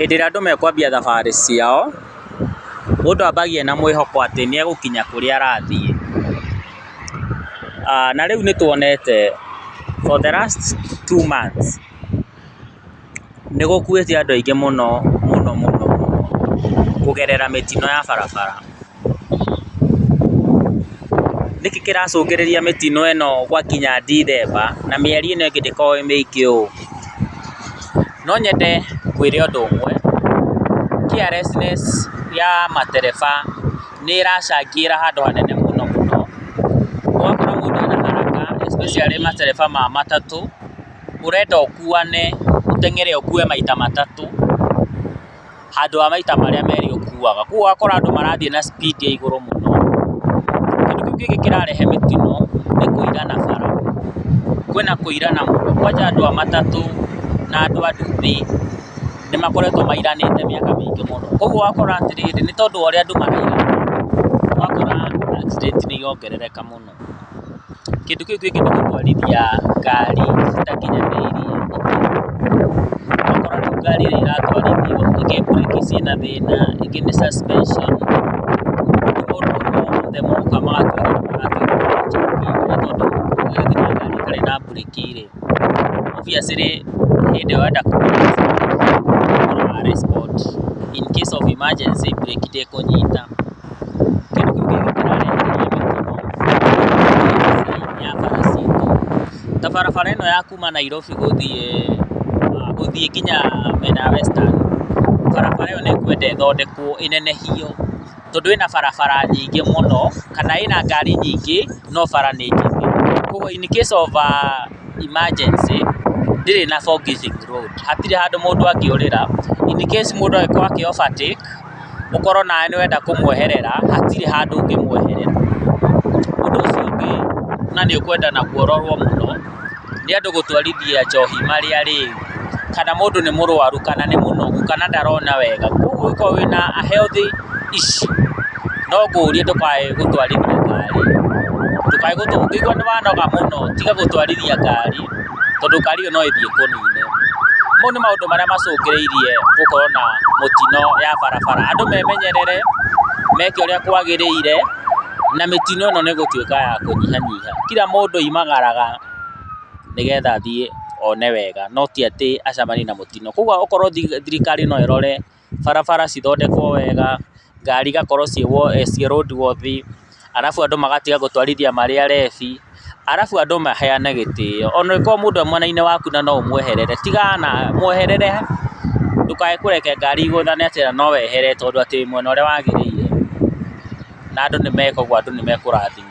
hĩndĩ ĩrĩa andũ mekwambia thabarĩ ciao, mũndũ ambagia na mwĩhoko atĩ nĩegũkinya kũrĩa arathiĩ. Ah, na rĩu nĩtuonete for the last two months nĩgũkuĩte andũ aingĩ mũno mũno mũno kũgerera mĩtino ya barabara. Nĩkĩ kĩracũngĩrĩria mĩtino ĩno gwakinya Dithemba na mĩeri ĩno ĩngĩ ndĩkoragwo ĩ mĩingĩ ũũ No nyende ngwĩre ũndũ ũmwe, carelessness ya matereba nĩ ĩracangĩra handũ hanene mũno mũno, ũgakora mũndũ ena haraka especially matereba ma matatũ, ũrenda ũkuane, ũteng'ere ũkue maita matatũ, handũ ha maita marĩa merĩ ũkuaga, koguo ũgakora andũ marathiĩ na speed ya igũrũ mũno, kĩndũ kĩu kĩngĩ kĩrarehe mĩtino nĩ kũirana bara, kwĩna kũirana mũno kwanja andũ a matatũ na do adu di nemakole to mailanete miaka miike monu ku wakora trade ni todu wa re andu magura wakora a student ni okere re kamuno kiduke kiduke ni ko walibia kali takine mailia okoko to koranu kali na walibia ko ke pulikisi na de na iginisa space out room the monkamata na to to na kire na pulikire obviously hedewaɗa respond in case of emergency brekite konyita kendo ya baracitũ ta barabara ĩno ya kuma Nairobi gũthiĩ ah, gũthiĩ nginya mena Western barabara ĩyo nĩngwenda ĩthondekwo ĩnenehio tondũ ĩna barabara nyingĩ mũno kana ĩna ngari nyingĩ no bara nĩ njeke, kũguo in case of ah, emergency ndirĩ na forgiving road hatirĩ handũ mũndũ angĩũrĩra in case mũndũ angĩkorwo akĩ overtake ũkorwo nawe ngä kũmweherera hatirĩ handũ ũngĩmweherera. Ũndũ ũcio ũngĩ na nĩũkwenda naguo ũrorwo mũno nĩ andũ gũtwarithia njohi marĩ arĩu kana mũndũ nĩ mũrwaru kana nĩ mũnogu kana ndarona wega kwoguo ũngĩkorwo wĩna a healthy issue no ngũrie ndũkae gũtwarithia ngari, ndũkae ũngĩigua nĩ wanoga mũno tiga gũtwarithia ngari tondũ ngari ĩyo no ĩthiĩ kũnine. Mau nĩ maũndũ marĩa macũngĩrĩirie gũkorwo na mũtino ya barabara, andũ memenyerere, meke ũrĩa kwagĩrĩire, na mĩtino ĩno nĩ ĩgũtuĩka ya kũnyihanyiha. Kira mũndũ oimagaraga nĩgetha athiĩ one wega, no ti atĩ acemanie na mũtino. Kũguo okorwo thirikari no ĩrore barabara cithondekwo wega, ngari igakorwo ciĩ eh, roadworthy, arabu andũ magatiga gũtwarithia marĩ arebi arabu andũ maheane gĩtĩo, ona angĩkorwo mũndũ e mwena-inĩ waku na no ũmweherere, tigana, mweherere, ndũkae kũreke ngari igũthane atĩ no wehere tondũ atĩ wĩ mwena ũrĩa wagĩrĩire, na andũ nä andũ nĩmekũrathimwo.